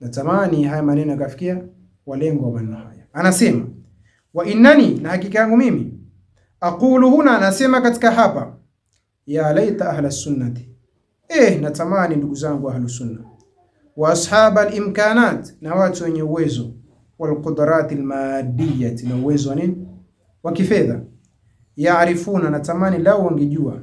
Natamani haya maneno yakafikia walengwa wa maneno haya. Anasema wa innani, na hakika yangu mimi, aqulu huna, anasema katika hapa, ya laita ahla sunnati, eh, natamani ndugu zangu ahlu sunna wa ashab alimkanat, na watu wenye uwezo walqudrati almadiyati, na uwezo ni wa kifedha, yaarifuna, natamani lau wangejua,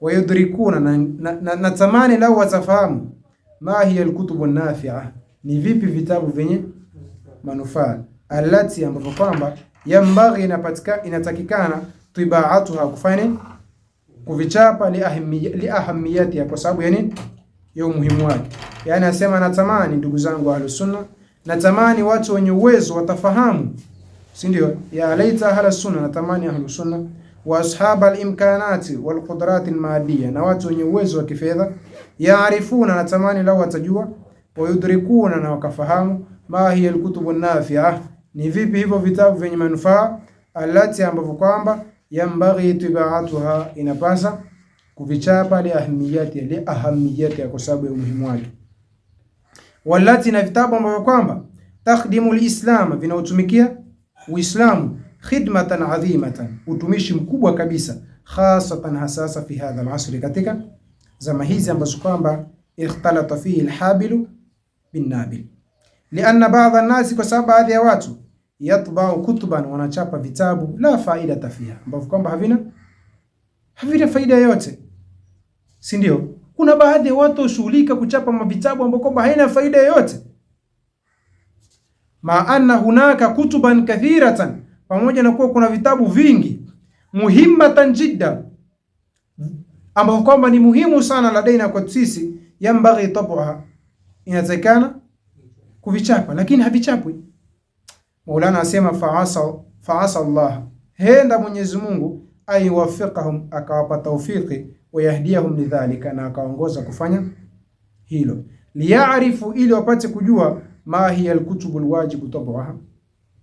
wayudrikuna, natamani lau watafahamu ma hiya alkutubu nafia ni vipi vitabu vyenye manufaa alati, ambapo kwamba yambaghi inapatika inatakikana tibaatuha kufanya kuvichapa li liahamiyatiha, kwa sababu yani ya umuhimu wake. Yani asema natamani, ndugu zangu sunna, natamani watu wenye uwezo watafahamu, si ndio? ya laita sunna, natamani ahlu sunna wa ashab alimkanati walqudrati almaadiya, na watu wenye uwezo wa kifedha yaarifuna, natamani lao watajua wayudrikuna, na wakafahamu ma hiya alkutubu nafia, ni vipi hivyo vitabu vyenye manufaa, alati ambavyo kwamba yambaghi tibaatuha, inapasa kuvichapa, li li liahamiyati, kwa sababu ya umuhimu wake, walati, na vitabu ambavyo kwamba takhdimu lislama, vinautumikia Uislamu khidmatan adhimatan, utumishi mkubwa kabisa, khasatan hasasa fi hadha al katika zama hizi ambazo kwamba ikhtalata fihi al bin Nabil. Lianna baadha nasi, kwa sababu baadhi ya watu yatbau kutuban, wanachapa vitabu la faidata fiha, ambavyo kwamba havina havina faida yoyote, si ndio? Kuna baadhi ya watu hushughulika kuchapa mavitabu ambayo kwamba haina faida yoyote. Ma anna hunaka kutuban kathiratan, pamoja na kuwa kuna vitabu vingi muhimmatan jidda, ambavyo kwamba ni muhimu sana, ladaina kwa sisi, yambaghi tabuha inawezekana kuvichapa, lakini havichapwi. Maulana asema faasa faasa Allah, henda Mwenyezi Mungu aiwafiqahum, akawapa taufiki, wayahdiahum lidhalika, na akaongoza kufanya hilo, liyaarifu, ili wapate kujua ma hiya alkutubu alwajibu tabaha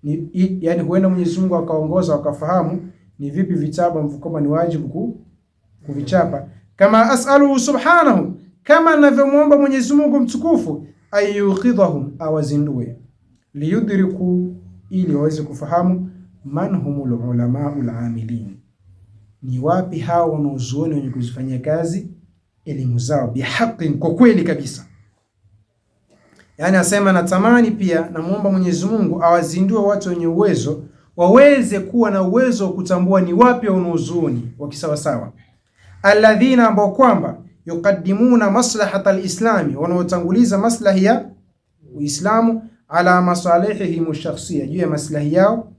ni, yani huenda Mwenyezi Mungu akaongoza wakafahamu ni vipi vitabu ambavyo kwamba ni wajibu kuvichapa. Kama asaluhu subhanahu kama anavyomwomba Mwenyezi Mungu mtukufu ayuqidhahum, awazindue liyudriku, ili waweze kufahamu man humul ulama ulamilin, ni wapi hao wanaozuoni wenye kuzifanyia kazi elimu zao bihaqin, kwa kweli kabisa. yani asema natamani pia, namwomba Mwenyezi Mungu awazindue watu wenye uwezo waweze kuwa na uwezo wa kutambua ni wapi wanaozuoni wakisawasawa, alladhina ambao kwamba yuqaddimuna maslahata alislami, wanaotanguliza maslahi ya Uislamu ala masalihihim shakhsia, juu ya maslahi yao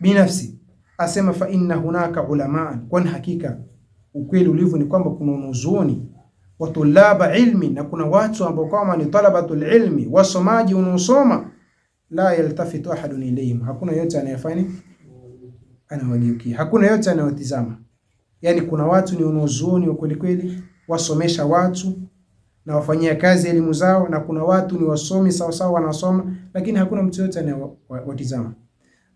binafsi. Asema fa inna hunaka ulamaan, kwani hakika ukweli ulivyo ni kwamba kuna wanazuoni wa tulaba ilmi, na kuna watu ambao kama ni talabatul ilmi, wasomaji unaosoma. La yaltafitu ahadun ilayhim, hakuna yote anayefanya anawageukia, hakuna yote anayotizama. Yani kuna watu ni wanazuoni wa kweli kweli wasomesha watu na wafanyia kazi elimu zao, na kuna watu ni wasomi sawasawa, wanasoma lakini hakuna mtu yote anayewatizama.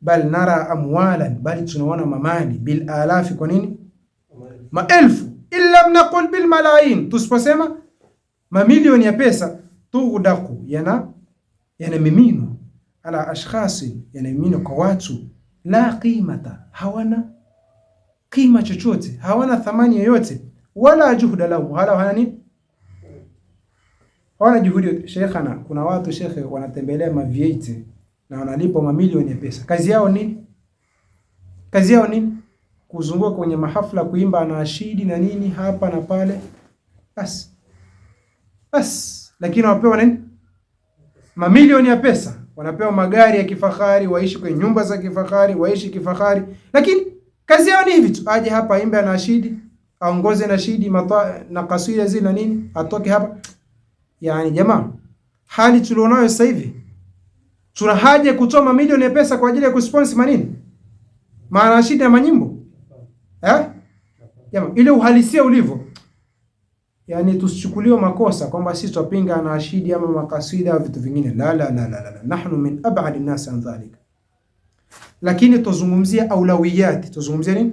Bal nara amwalan, bali tunaona mamali bil alafi. Kwa nini maelfu? Illa mnaqul bil malayin, tusiposema mamilioni ya pesa. Tughdaku, yana yana mimino ala ashkhasi, yana mimino kwa watu la qimata, hawana qima chochote, hawana thamani yoyote wala juhda lahu, hala hawana nini, hawana juhudi. Shekhana, kuna watu shekhe wanatembelea mavieti na wanalipwa mamilioni ya pesa. Kazi yao nini? Kazi yao nini? Kuzunguka kwenye mahafla kuimba anaashidi na nini hapa na pale, basi basi, lakini wapewa nini? Mamilioni ya pesa, wanapewa magari ya kifahari, waishi kwenye nyumba za kifahari, waishi kifahari, lakini kazi yao ni hivi tu, aje hapa imbe ashidi aongoze na shidi mata, na kaswida zile na nini atoke hapa. Yani jamaa, hali tulionayo sasa hivi tuna haja kutoa mamilioni ya pesa kwa ajili ya kusponsor manini maanashidi na manyimbo eh? Jamaa, ile uhalisia ulivyo, yani tusichukuliwe makosa kwamba sisi twapinga anashidi ama makaswida au vitu vingine. La, la, la, la, la. Nahnu min ab'adi nas an dhalik, lakini tuzungumzie aulawiyati, tuzungumzie nini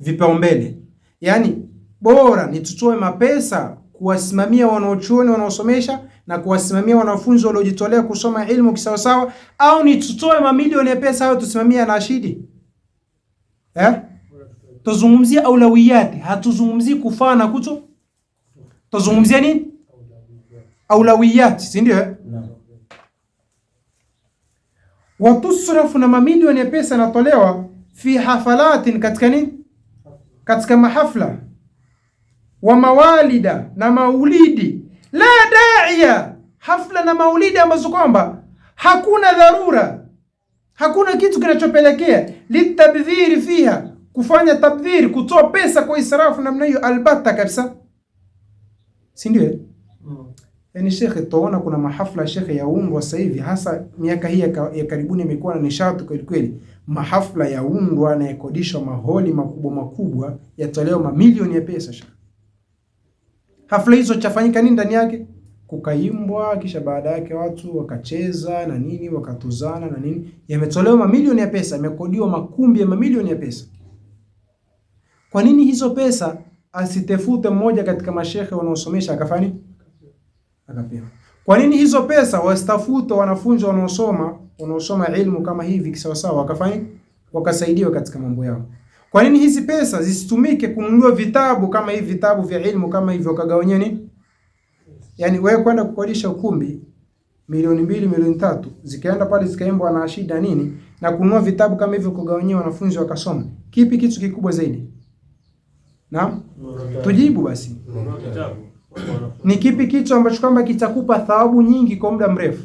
vipaumbele Yaani bora ni tutoe mapesa kuwasimamia wanaochuoni wanaosomesha na kuwasimamia wanafunzi waliojitolea kusoma elimu kisawasawa, au ni tutoe mamilioni ya pesa hayo tusimamie anashidi eh? Tuzungumzie aulawiyati, hatuzungumzi kufaa na kuto. tuzungumzie nini? Aulawiyati, si ndio eh? Watusrafu, na mamilioni ya pesa yanatolewa fi hafalatin, katika nini katika mahafla wa mawalida na maulidi la daia, hafla na maulidi ambazo kwamba hakuna dharura, hakuna kitu kinachopelekea litabdhiri fiha, kufanya tabdhiri, kutoa pesa kwa israfu namna hiyo, albatta kabisa, si ndio? Yaani shekhe, tuona kuna mahafla shekhe ya ungo sasa hivi, hasa miaka hii ya karibuni imekuwa na nishati kweli kweli. Mahafla yaundwa na yakodishwa maholi makubwa makubwa, yatolewa mamilioni ya pesa shekhe. Hafla hizo chafanyika nini ndani yake? Kukaimbwa, kisha baada yake watu wakacheza na nini, wakatuzana na nini. Yametolewa mamilioni ya pesa, yamekodiwa makumbi ya mamilioni ya pesa. Kwa nini hizo pesa asitefute mmoja katika mashekhe wanaosomesha akafanya akapewa. Kwa nini hizo pesa? Wasitafute wanafunzi wanaosoma wanaosoma elimu kama hivi kisawa sawa, wakafanya wakasaidiwa katika mambo yao. Kwa nini hizi pesa zisitumike kununua vitabu kama hivi vitabu vya elimu kama hivyo wakagawanya ni yani, wewe kwenda kukodisha ukumbi milioni mbili milioni tatu zikaenda pale zikaimbwa na shida nini, na kununua vitabu kama hivyo kugawanyia wanafunzi wakasoma, kipi kitu kikubwa zaidi? Na tujibu basi. Ni kipi kitu ambacho kwamba kitakupa thawabu nyingi kwa muda mrefu?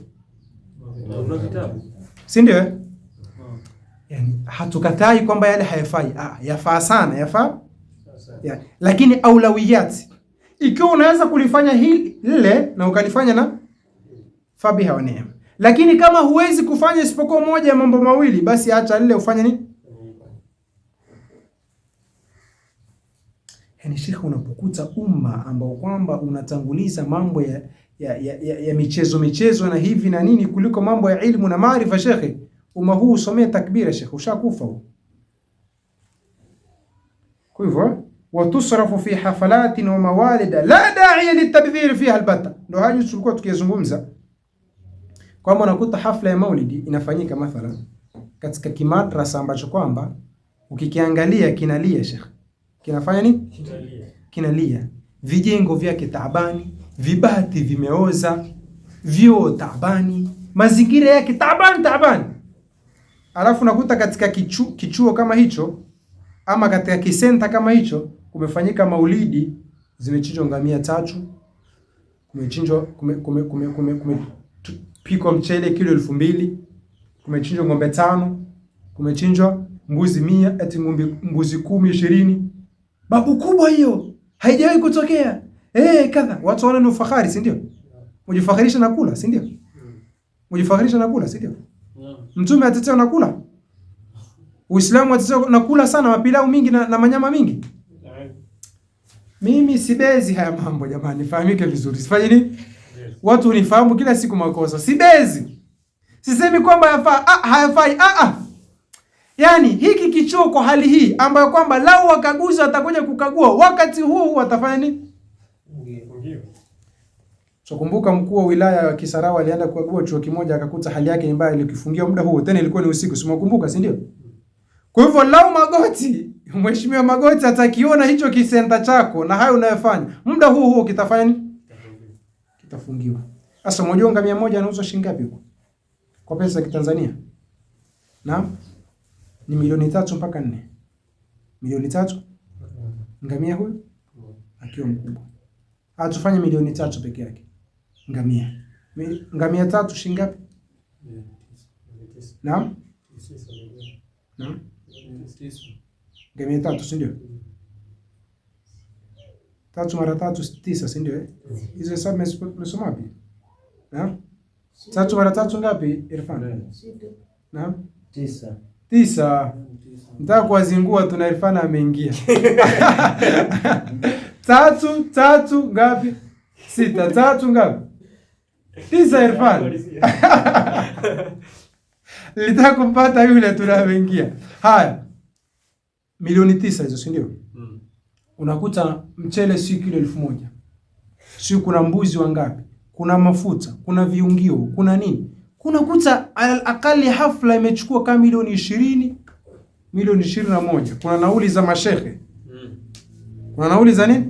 Si ndio? Eh? Yani, hatukatai kwamba yale hayafai, ah, yafaa sana, yafaa ya. Lakini aulawiyati ikiwa unaweza kulifanya hili lile na ukalifanya na fabiha wa neema, lakini kama huwezi kufanya isipokuwa moja ya mambo mawili, basi acha lile ufanye nini Yani shekhe, unapokuta umma ambao kwamba unatanguliza mambo ya, ya, ya, ya, ya michezo michezo na hivi na nini kuliko mambo ya ilmu na maarifa, shekhe, umma huu usomee takbira, shekhe, ushakufa huu. Kwa hivyo watusrafu fi hafalatin wa mawalida la da'iya litabdhir fiha albatta. ndo hali tulikuwa tukizungumza kwamba unakuta hafla ya maulidi inafanyika mathalan katika kimadrasa ambacho kwamba ukikiangalia kinalia shekhe kinafanya nini? Kinalia, Vijengo vyake taabani, vibati vimeoza, vyoo taabani, mazingira yake taabani taabani. Alafu nakuta katika kichu, kichuo kama hicho ama katika kisenta kama hicho kumefanyika maulidi, zimechinjwa ngamia tatu, kumechinjwa kume, kume, kume, kume, kume pikwa mchele kilo elfu mbili kumechinjwa ng'ombe tano kumechinjwa mbuzi mia eti mbuzi kumi ishirini babu kubwa hiyo haijawahi kutokea eh, kadha. Watu wana ni ufahari, si ndio? Mujifakhirisha na kula, si ndio? Mujifakhirisha na kula, si ndio? Mtume atetea na kula, Uislamu atetea na kula sana, mapilau mingi na, na manyama mingi. Mimi sibezi haya mambo jamani, fahamike vizuri, sifanye nini? Watu unifahamu kila siku makosa, sibezi, sisemi kwamba yafaa, ah, hayafai, ah ah Yaani hiki kichuo kwa hali hii ambayo kwamba lau wakaguzi watakuja kukagua wakati huo huo watafanya nini? So kumbuka, mkuu wa wilaya wa Kisarawa alienda kukagua chuo kimoja akakuta hali yake ni mbaya, ilikifungia muda huo, tena ilikuwa ni usiku, si mwakumbuka, si ndio? Kwa hivyo lau Magoti, mheshimiwa Magoti atakiona hicho kisenta chako na hayo unayofanya muda huo huo kitafanya nini? Kitafungiwa. Sasa mojonga mia moja anauzwa shilingi ngapi huko kwa pesa ya Kitanzania? Naam ni milioni tatu mpaka nne. Milioni tatu ngamia huyu akiwa mkubwa, atufanye milioni tatu peke yake ngamia. Ngamia tatu shilingi ngapi? Naam, naam, ngamia tatu, si ndio? Tatu mara tatu tisa, si ndio? Eh? Hizo hesabu mesoma wapi? Naam, tatu mara tatu ngapi? Irfan, naam, tisa tisa. Nataka kuwazingua, tunairfana ameingia. tatu tatu ngapi? Sita tatu ngapi? Tisa. Irfan lita kumpata yule, tunameingia. Haya, milioni tisa hizo, si ndio? Mm. Unakuta mchele si kilo elfu moja, si kuna mbuzi wangapi, kuna mafuta, kuna viungio, kuna nini unakuta alal hafla imechukua kama milioni ishirini milioni ishirini na moja kuna nauli za mashehe hmm. kuna nauli za nini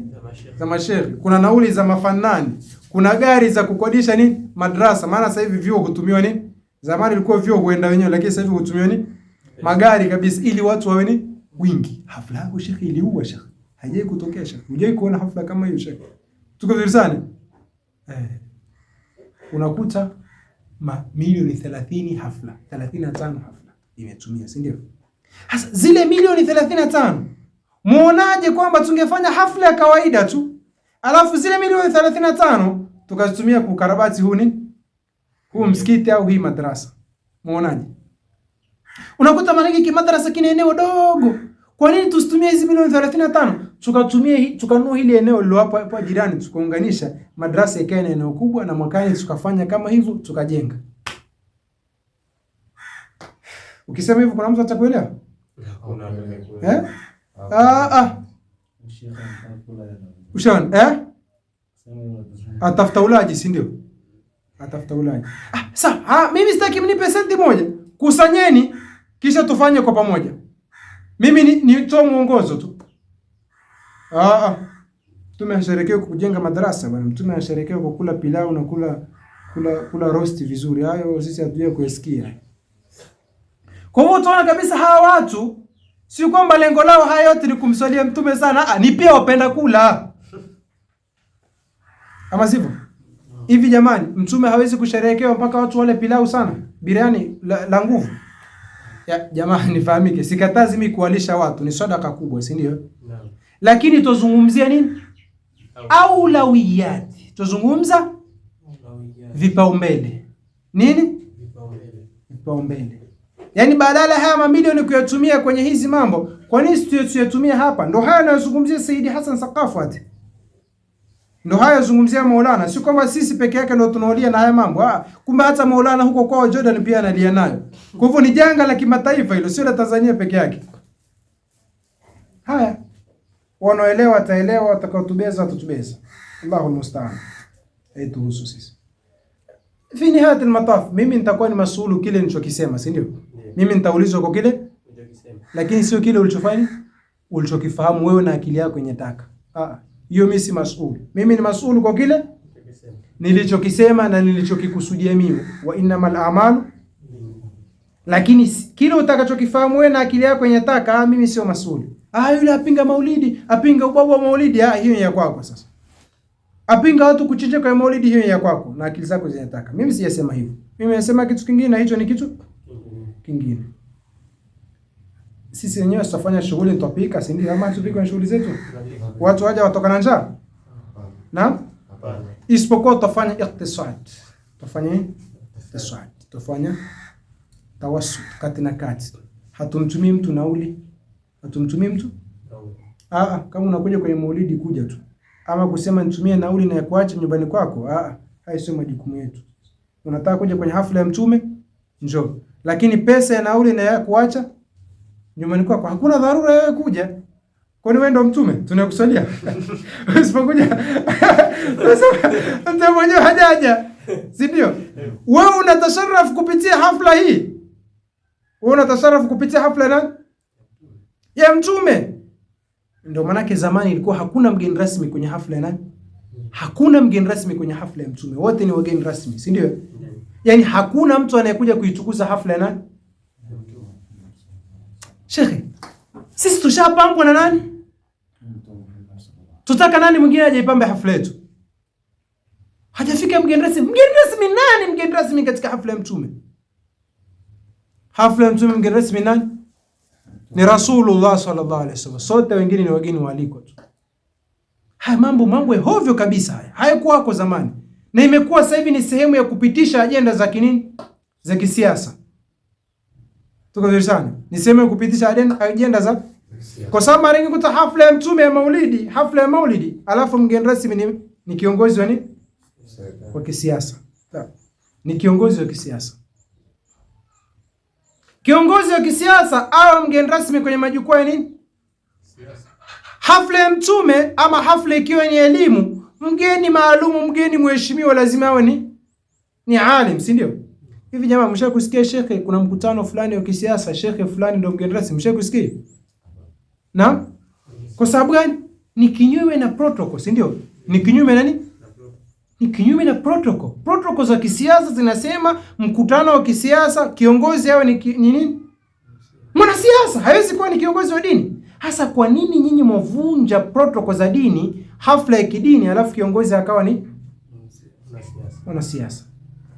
za mashehe kuna nauli za mafanani kuna gari za kukodisha nini madrasa maana sasa hivi vyuo hutumiwa nini zamani ilikuwa vyuo huenda wenyewe lakini sasa hivi hutumiwa nini magari kabisa ili watu wawe ni wingi hafla yako shekhe iliua shekhe haijai kutokea shekhe hujai kuona hafla kama hiyo shekhe tuko vizuri sana eh unakuta milioni 30 hafla 35 hafla imetumia, si ndio? Sasa zile milioni 35 muonaje kwamba tungefanya hafla ya kawaida tu alafu zile milioni 35 tukazitumia kukarabati huu nini huu msikiti au hii madrasa, muonaje? Unakuta maanake kimadrasa kina eneo dogo, kwa nini tusitumie hizi milioni 35? tukatumia tukanua hili eneo lililopo hapo jirani, tukaunganisha madrasa ikae na eneo kubwa, na mwakani tukafanya kama hivyo, tukajenga. Ukisema hivyo, kuna mtu atakuelewa? Eh, ah ah, ushaona eh, atafuta ulaji, si ndio? Atafuta ulaji. Ah, sawa. Ah, mimi sitaki mnipe senti moja, kusanyeni kisha tufanye kwa pamoja. Mimi ni, ni toa mwongozo tu Ah, Mtume anasherekea kujenga madrasa bwana. Mtume anasherekea kwa kula pilau na kula kula kula roast vizuri. Hayo sisi hatujui kuyasikia. Kwa hivyo tunaona kabisa hawa watu si kwamba lengo lao haya yote ni kumswalia mtume sana, ah, ni pia wapenda kula. Ama sivyo? Hivi jamani, mtume hawezi kusherehekewa mpaka watu wale pilau sana, biriani la, la nguvu. Ya, jamani nifahamike, sikatazi mimi kualisha watu, ni sadaka kubwa, si ndio? Naam lakini tuzungumzia nini? Aulawiyati, tuzungumza vipaumbele. Nini vipaumbele? Yaani badala haya mamilioni kuyatumia kwenye hizi mambo, kwa nini tuyatumia hapa? Ndo haya anayozungumzia Saidi Hassan Saqafwat, ndo haya zungumzia Maulana. Si kwamba sisi peke yake ndo tunaolia na haya mambo ha. Ah, kumbe hata Maulana huko kwao Jordan pia analia nayo. Kwa hivyo ni janga la kimataifa hilo, sio la Tanzania peke yake. Haya wanaoelewa ataelewa, watakaotubeza watatubeza. Allahu almustaan, aituhusu sisi. Fi nihayat almataf, mimi nitakuwa ni masuulu kile nilichokisema, si ndio? Mimi nitaulizwa kwa kile lakini sio kile ulichofanya ulichokifahamu wewe na akili yako yenye taka. Ah, hiyo mimi si masuulu. Mimi ni masuulu kwa kile nilichokisema na nilichokikusudia mimi, wa innamal a'malu. Lakini kile utakachokifahamu wewe na akili yako yenye taka, ah, mimi sio masuulu. Ah, yule apinga maulidi, apinga ubabu wa maulidi, ah, hiyo ni ya kwako sasa. Apinga watu kuchinja kwa maulidi, hiyo ni ya kwako na akili zako zinataka. Mimi sijasema hivyo. Mimi nasema kitu kingine na hicho ni kitu kingine. Sisi wenyewe tutafanya shughuli tutapika, si ndio? Ama tupike kwenye shughuli zetu. Watu waje watoka na njaa? Na? Hapana. Isipokuwa tutafanya iktisad. Tutafanya iktisad. Tutafanya tawassut kati na kati. Hatumtumii mtu nauli hatumtumii mtu ah, Kama unakuja kwenye maulidi, kuja tu, ama kusema nitumie nauli na kuacha nyumbani kwako, ah, hayo sio majukumu yetu. Unataka kuja kwenye hafla ya Mtume, njoo, lakini pesa ya nauli na kuacha nyumbani kwako, hakuna dharura wewe kuja. Kwani wewe ndo mtume tunakusalia? Usipokuja sasa mtu mwenyewe hajaja, si ndio? Wewe unatasharaf kupitia hafla hii, wewe unatasharaf kupitia hafla nani? ya Mtume. Ndio maanake zamani ilikuwa hakuna mgeni rasmi kwenye hafla na Hakuna mgeni rasmi kwenye hafla ya Mtume, wote ni wageni rasmi, si ndio? Yaani hakuna mtu anayekuja kuitukuza hafla na nani? Shekhe, sisi tushapambwa na nani? Tutaka nani mwingine aje ipambe hafla yetu? Hajafika mgeni rasmi. Mgeni rasmi nani? Mgeni rasmi katika hafla ya Mtume, hafla ya Mtume mgeni rasmi nani? ni Rasulullah sallallahu alaihi wasallam, sote wengine ni wageni waalikwa tu. Haya mambo mambo ya hovyo kabisa, haya Hayakuwa hayakuwako zamani na imekuwa sasa hivi ni sehemu ya kupitisha ajenda za kinini za kisiasa. Tuko vizuri sana, ni sehemu ya kupitisha ajenda za kwa sababu mara nyingi kuta hafla ya mtume ya maulidi, hafla ya maulidi, alafu mgeni rasmi ni, ni kiongozi wa nini Kwa kisiasa, ni kiongozi wa kisiasa. Kiongozi wa kisiasa awe mgeni rasmi kwenye majukwaa ya nini, hafla ya Mtume ama hafla ikiwa ni elimu, mgeni maalumu, mgeni mheshimiwa lazima awe ni ni alim, si ndio? Hivi jamaa, mshakusikia shekhe, kuna mkutano fulani wa kisiasa, shekhe fulani ndio mgeni rasmi, mshakusikia? Naam, kwa sababu gani? Ni kinyume na protocol, si ndio? Ni kinyume nani ni kinyume na protocol. Protocol za kisiasa zinasema mkutano wa kisiasa kiongozi awe ni nini? Mwanasiasa, hawezi kuwa ni kiongozi wa dini. Hasa kwa nini nyinyi mwavunja protocol za dini, hafla ya kidini, alafu kiongozi akawa ni mwanasiasa?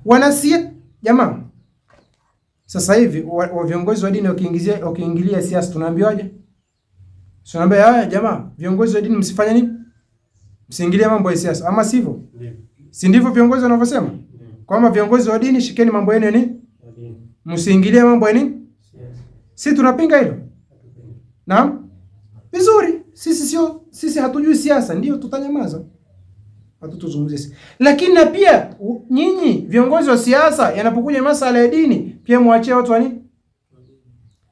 Wanasiasa jamaa, sasa hivi wa, wa viongozi wa dini wakiingizia wakiingilia siasa tunaambiwaje? Tunaambia haya jamaa, viongozi wa dini msifanye nini? Msiingilie mambo ya siasa, ama sivyo? Ndio. Si ndivyo viongozi wanavyosema? Kwamba viongozi wa dini shikeni mambo yenu ni msiingilie mambo yenu Si tunapinga hilo? Naam? Vizuri. Sisi sio sisi hatujui siasa, ndio tutanyamaza. Hatutuzungumzie. Lakini na pia nyinyi viongozi wa siasa yanapokuja masala ya dini, pia mwachie watu wani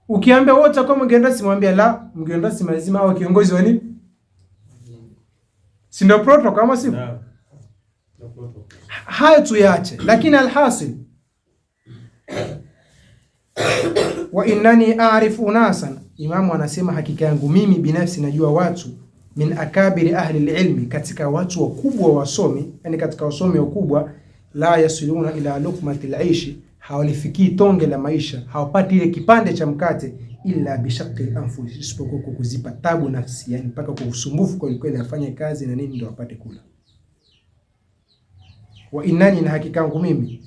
Ukiambia wote kwa mgeni rasmi mwambie la, mgeni rasmi lazima awe kiongozi wani nini? Si ndio protocol kama sivyo? Hayo yache lakini alhasil wa innani arifu unasan, imamu anasema hakika yangu mimi binafsi najua watu min akabiri ahli lilmi, katika watu wakubwa wasomi, yani katika wasomi wakubwa, la yasiluna ila lukmati laishi, hawalifikii tonge la maisha, hawapati ile kipande cha mkate, ila bishaqi lanfusi, isipokuwa kuzipa tabu nafsi, yani mpaka kwa usumbufu kwelikweli, afanye kazi na nini ndio apate kula wa innani, na hakika yangu mimi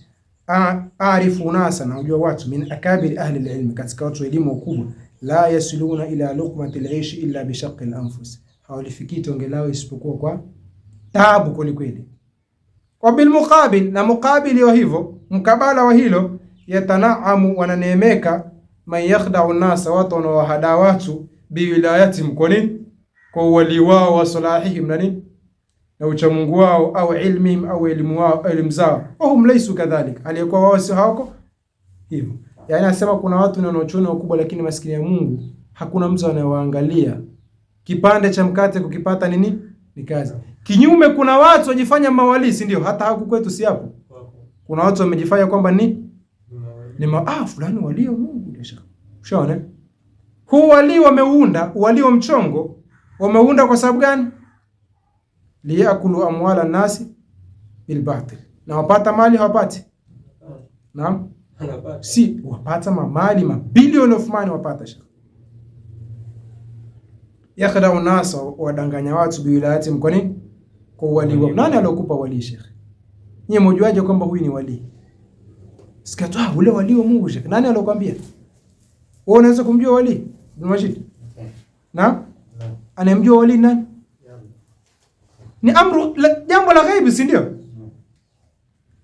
arifu nasa, na ujua watu min akabiri ahli alilmi, katika watu wa elimu wakubwa, la yasiluna ila luqmati alishi illa bi shaqqi alanfus, hawalifikii tonge lao isipokuwa kwa taabu kweli kweli. Wa bil muqabil, na muqabili wa hivyo, mkabala wa hilo, yatanaamu, wananemeka man yakhda'u nasa, watu wanawahadaa watu biwilayati, mkonini kwa uwali wao wa salahihim na nini na uchamungu wao au ilmihim au elimu wao elimu zao, wahum laisu kadhalik, aliyekuwa wao sio hawako hivyo. Yani anasema kuna watu ni wanaochuoni wakubwa, lakini maskini ya Mungu hakuna mtu anayewaangalia. Kipande cha mkate kukipata nini ni kazi. Kinyume kuna watu wajifanya mawalii, si ndio? Hata huku kwetu si hapo, kuna watu wamejifanya kwamba ni ni ma ah, fulani walio Mungu shona huu wali wameunda wali wa mchongo wameunda kwa sababu gani? liyakulu amwala nasi bilbatil, na wapata mali hawapati? Naam, si wapata mamali ma billion of money wapata sha yakhda unasa wadanganya watu biwilayati mkoni kwa wali wao. Nani alokupa wali shekhe? Nyie mojuaje kwamba huyu ni wali? Sikatoa ule wali wa Mungu shekhe. Nani alokuambia? Wewe unaweza kumjua wali? Bin Majid. Eh. Na? Anayemjua wali nani? ni amru la, jambo la ghaibi, si ndio?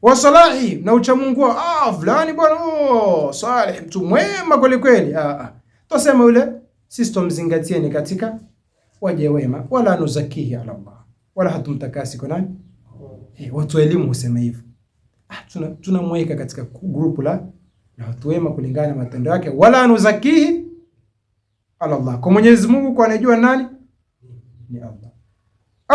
Wasalahi na uchamungu wao, ah, fulani bwana oh, salih mtu mwema kweli kweli. Ah, ah, tosema yule sisi tumzingatieni katika waje wema, wala nuzakihi ala Allah, wala hatumtakasi kwa nani? Hey, eh, watu elimu husema hivyo. Ah, tuna tunamweka katika group la na watu wema kulingana na matendo yake, wala nuzakihi ala Allah, kwa Mwenyezi Mungu kwa anajua nani ni Allah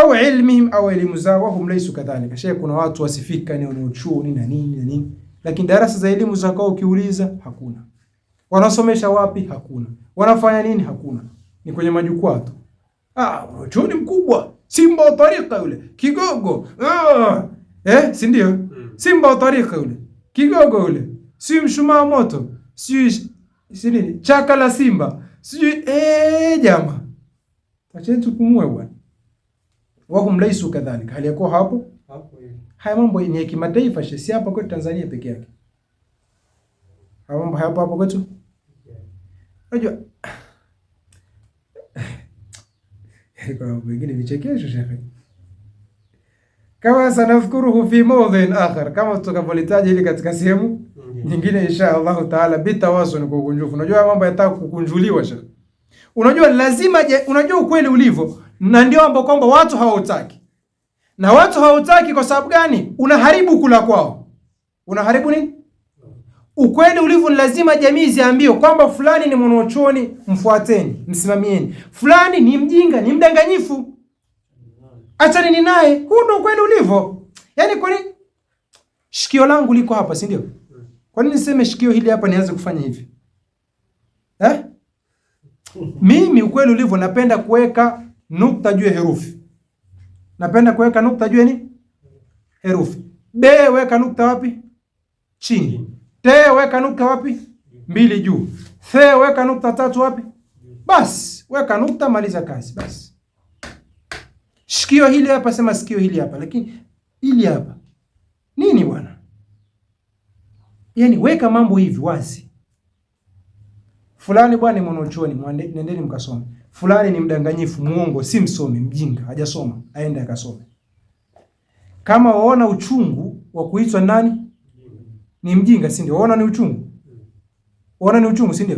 au ilmihim au elimu zao, wahum laisu kadhalika. Sheikh, kuna watu wasifika ni wanachuoni na nini na nini, lakini darasa za elimu za kwao ukiuliza hakuna. Wanasomesha wapi? Hakuna. Wanafanya nini? Hakuna. Ni kwenye majukwaa tu. Ah, chuoni mkubwa Simba wa tarika yule kigogo ah, eh, si ndio? Hmm. Simba wa tarika yule kigogo yule, si mshumaa moto, si si nini, chaka la simba, sijui eh, jamaa, acheni tupumue bwana wako mraisu kadhalika, hali yako hapo hapo. Eh. Haya mambo ni ya kimataifa, si hapa kwetu Tanzania peke yake. Haya mambo hapo hapo kwetu. Unajua kwa mambo mengine vichekesho shekhe, kama sanadhkuruhu fi mawdhin akhar, kama tutakapolitaja hili katika sehemu mm. nyingine insha Allahu taala, bitawasun kwa ukunjufu. Unajua mambo yataka kukunjuliwa shekhe, unajua lazima je, unajua ukweli ulivyo na ndio ambao kwamba watu hawautaki, na watu hawautaki kwa sababu gani? Unaharibu kula kwao, unaharibu nini? Ukweli ulivyo, lazima jamii ziambiwe kwamba fulani ni mwanachuoni, mfuateni, msimamieni. Fulani ni mjinga, ni mdanganyifu, achaneni naye. Huu ndio ukweli ulivyo. Yaani, kwa nini shikio langu liko hapa, si ndio? Kwa nini niseme shikio hili hapa nianze kufanya hivi eh? Mimi ukweli ulivyo, napenda kuweka nukta juu ya herufi. Napenda kuweka nukta juu ni Herufi. B weka nukta wapi? Chini. T weka nukta wapi? Mbili juu. C weka nukta tatu wapi? Basi weka nukta, maliza kazi basi. Shikio hili hapa, sema sikio hili hapa, lakini hili hapa nini bwana? Yaani weka mambo hivi wazi. Fulani bwana ni mwanachuoni, nendeni mkasome fulani ni mdanganyifu, muongo si msomi, mjinga, hajasoma, aende akasome. Kama waona uchungu wa kuitwa nani ni mjinga, si ndio? Waona ni uchungu, waona ni uchungu, si ndio?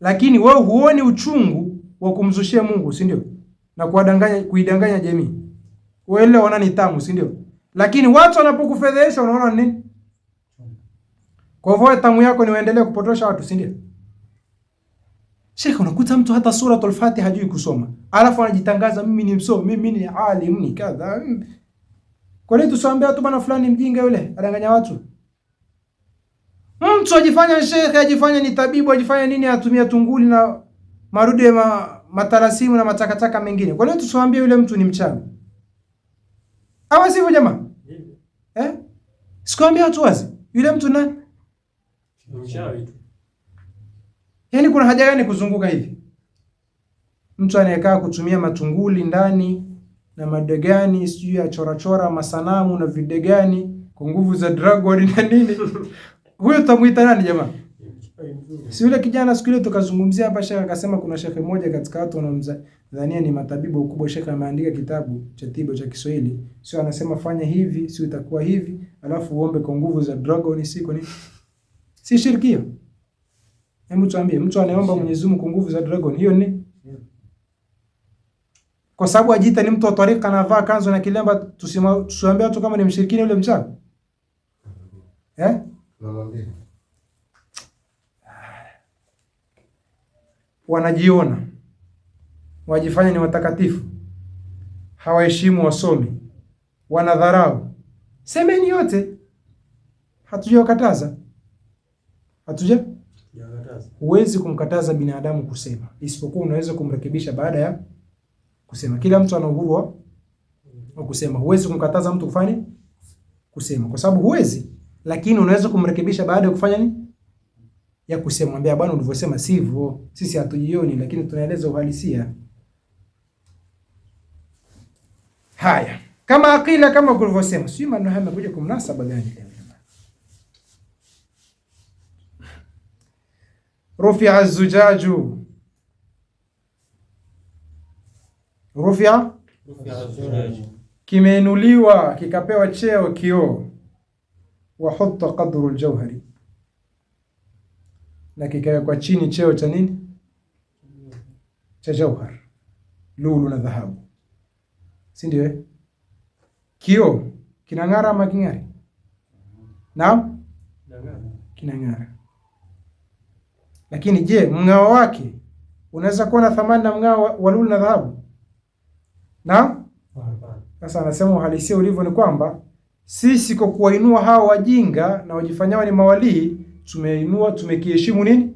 Lakini wewe huoni uchungu wa kumzushia Mungu, si ndio? Na kuwadanganya, kuidanganya jamii, wewe waona ni tamu, si ndio? Lakini watu wanapokufedhesha unaona nini? Kwa hivyo tamu yako ni waendelee kupotosha watu, si ndio? Sheikh, unakuta mtu hata suratul Fatiha hajui kusoma, alafu anajitangaza mimi ni msomi, mimi ni alim, ni kadha. Kwa nini tusiwaambia watu bwana fulani mjinga yule adanganya watu? Mtu ajifanya shekhe, ajifanya ni tabibu, ajifanya nini, anatumia tunguli na marude ma, matarasimu na matakataka mengine. Kwa nini tusiwaambie yule mtu ni mchawi? Hawa sivyo jamaa? Eh? Sikwambia watu wazi. Yule mtu na mchawi tu. Yaani kuna haja gani kuzunguka hivi? Mtu anayekaa kutumia matunguli ndani na madegani sijui ya chora chora masanamu na videgani kwa nguvu za dragon na nini? Huyo tutamwita nani jamaa? Si yule kijana siku ile tukazungumzia hapa, shekhe akasema kuna shekhe mmoja katika watu wanamdhania ni matabibu wakubwa. Shekhe ameandika kitabu cha tiba cha Kiswahili, sio anasema fanya hivi, sio itakuwa hivi, alafu uombe kwa nguvu za dragon, si kwa nini? Si shirikio. Hebu tuambie mtu anaomba Mwenyezi Mungu nguvu za dragon hiyo ni? Kwa sababu ajiita ni mtu wa tarika anavaa kanzu na kilemba tusiambie watu kama ni mshirikina yule mchana. Eh? Wanajiona wajifanya ni watakatifu, hawaheshimu wasomi, wanadharau. Semeni yote, hatujakataza hatuja Huwezi kumkataza binadamu kusema, isipokuwa unaweza kumrekebisha baada ya kusema. Kila mtu ana uhuru wa kusema. Huwezi kumkataza mtu kufanya kusema kwa sababu huwezi, lakini unaweza kumrekebisha baada ya kufanya nini? Ya kusema, mwambia bwana, ulivyosema sivyo, sisi hatujioni, lakini tunaeleza uhalisia. Haya, kama akila, kama ulivyosema, sijui maneno haya yamekuja kumnasaba gani leo. rufia zujaju rufia kimeinuliwa kikapewa cheo kioo, wa qadru ljauhari na kikawekwa chini cheo cha nini cha jauhar, lulu na dhahabu, si ndio? Eh, kioo kinang'ara ama king'ari? Naam, kinang'ara lakini je, mng'ao wake unaweza kuwa na thamani na mng'ao wa lulu na dhahabu? Na Sasa anasema uhalisia ulivyo ni kwamba sisi kwa kuwainua hao wajinga na wajifanyao ni mawalii tumeinua tumekiheshimu nini?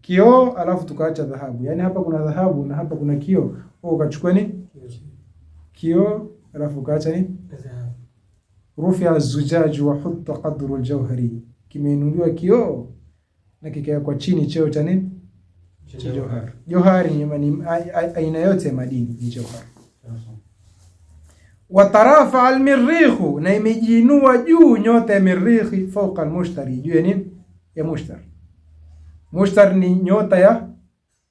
Kioo alafu tukaacha dhahabu. Yaani hapa kuna dhahabu na hapa kuna kioo. Wewe ukachukua nini? Kioo alafu ukaacha nini? Dhahabu. Rufi az-zujaj wa hutta qadru al-jawhari. Kimeinuliwa kioo na kikawekwa chini cheo cha nini? Johari. Johari ni aina yote ya madini ni johari. Watarafa almirikhu, na imejiinua juu nyota ya mirihi fauqa almushtari, juu ya nini? Ya mushtari. Mushtari ni nyota ya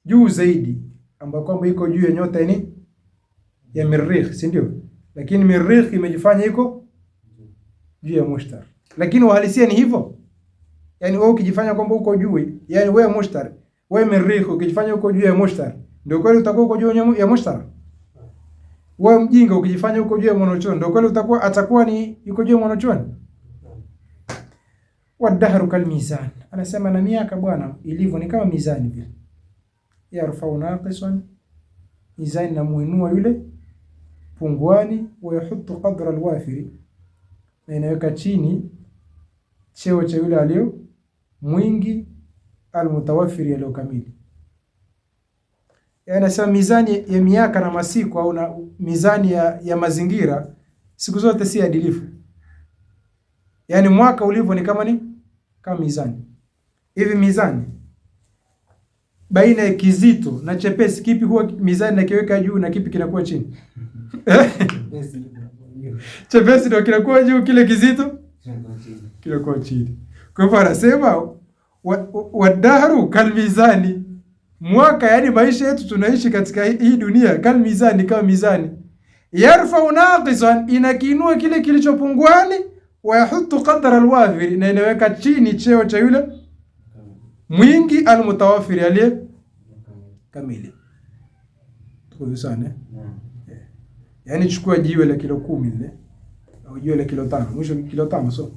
juu zaidi ambayo kwamba iko juu ya nyota ni ya mirihi si ndio? Lakini mirihi imejifanya iko juu ya mushtari, lakini uhalisia ni hivyo Yaani wewe ukijifanya kwamba uko juu, yaani wewe mushtari, wewe mirihi ukijifanya uko juu ya mushtari, ndio kweli utakuwa uko juu ya mushtari. Wewe mjinga ukijifanya uko juu ya mwanachuoni, ndio kweli utakuwa atakuwa ni yuko juu ya mwanachuoni. Wadahru kal mizan, anasema na miaka bwana ilivyo ni kama mizani vile. Yarfau naqisan, mizani na muinua yule punguani, wa yahutu qadra alwafiri, na inaweka chini cheo cha yule aliyo mwingi almutawafiri yaliyokamili. Yaani anasema mizani ya miaka na masiku au na mizani ya, ya mazingira siku zote si adilifu. Yaani mwaka ulivyo ni kama ni kama mizani hivi. Mizani baina ya kizito na chepesi, kipi huwa mizani nakiweka juu na kipi kinakuwa chini? Chepesi ndio kinakuwa juu, kile kizito kinakuwa chini. Kwa hivyo anasema wadahru kalmizani, mwaka yani maisha yetu tunaishi katika hii dunia, kalmizani, kama mizani. Yarfau naqisan, inakiinua kile kilichopunguani. Wayahutu qadra alwafiri, na inaweka chini cheo cha yule mwingi. Almutawafiri, aliye kamili. Eh? Yani chukua jiwe la kilo kumi lile eh? au jiwe la kilo tano mwisho kilo tano so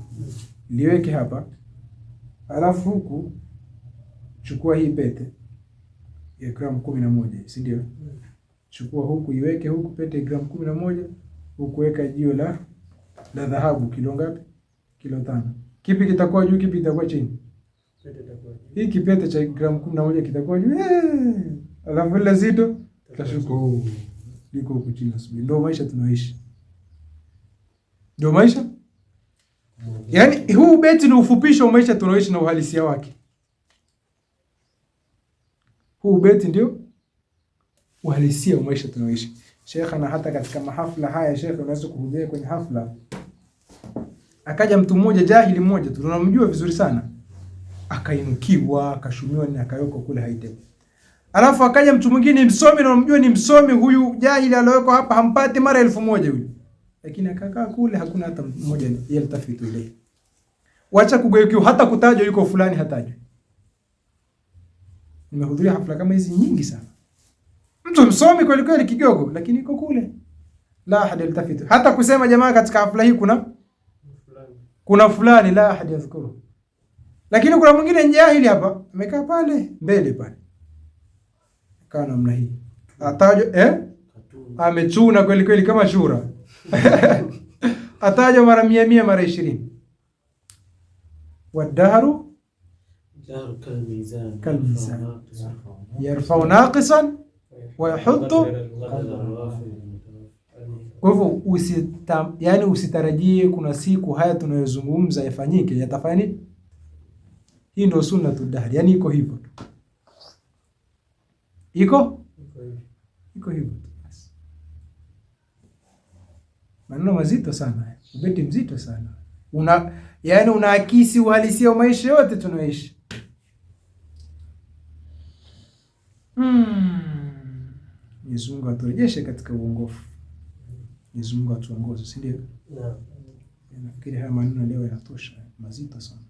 liweke hapa Halafu huku chukua hii pete ya gramu kumi na moja, si ndio? Mm. Chukua huku iweke huku pete ya gramu kumi na moja, huku weka jiwe la la dhahabu kilo ngapi? Kilo tano. Kipi kitakuwa juu, kipi kitakuwa chini? Pete itakuwa juu. Hii kipete cha gramu kumi na moja kitakuwa juu. Eh! Alafu ile zito tashuka huko. Liko huku chini, asubuhi. Ndio maisha tunaoishi. Ndio maisha Yaani huu beti ni ufupisho wa maisha tunaoishi na uhalisia wake. Huu beti ndio uhalisia wa maisha tunaoishi. Sheikh, ana hata katika mahafla haya Sheikh, unaweza kuhudhuria kwenye hafla, akaja mtu mmoja jahili mmoja tu tunamjua vizuri sana, akainukiwa akashumiwa na akayoko kule haite. Alafu akaja mtu mwingine msomi, na unamjua ni msomi huyu, jahili aliyowekwa hapa hampati mara elfu moja huyu, lakini akakaa kule, hakuna hata mmoja yaltafitu ile Wacha kugeukiwa, hata kutajwa yuko fulani hatajwi. Nimehudhuria hafla kama hizi nyingi sana. Mtu msomi kweli kweli, kigogo, lakini yuko kule, la ahad yaltafitu, hata kusema jamaa, katika hafla hii kuna kuna fulani, la ahad yadhkuru. Lakini kuna mwingine njahili hapa amekaa pale mbele pale, kaa namna hii, atajwa eh, amechuna kweli kweli kama shura atajwa mara mia mia mara ishirini wadahru kalmizan yarfau naqisan wa Kwa hivyo yani usitarajie kuna siku haya tunayozungumza yafanyike, yatafanya nini? Hii ndio sunnatu dahri, yani iko hivyo tu, iko iko hivyo tu. Maneno mazito sana, ubeti mzito sana una yaani unaakisi uhalisia wa maisha yote tunaoishi. Hmm. Mwenyezi Mungu hmm, aturejeshe katika uongofu. Mwenyezi Mungu atuongoze, si ndio? Yeah. Nafikiri haya maneno leo yanatosha, mazito sana.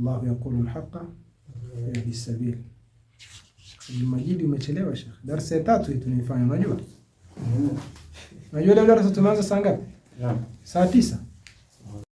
Allahu yaqulu al-haqa bisabil. Majidi, umechelewa Sheikh. Darasa ya tatu hii tunaifanya, unajua? Unajua leo darasa tumeanza saa ngapi? Saa tisa.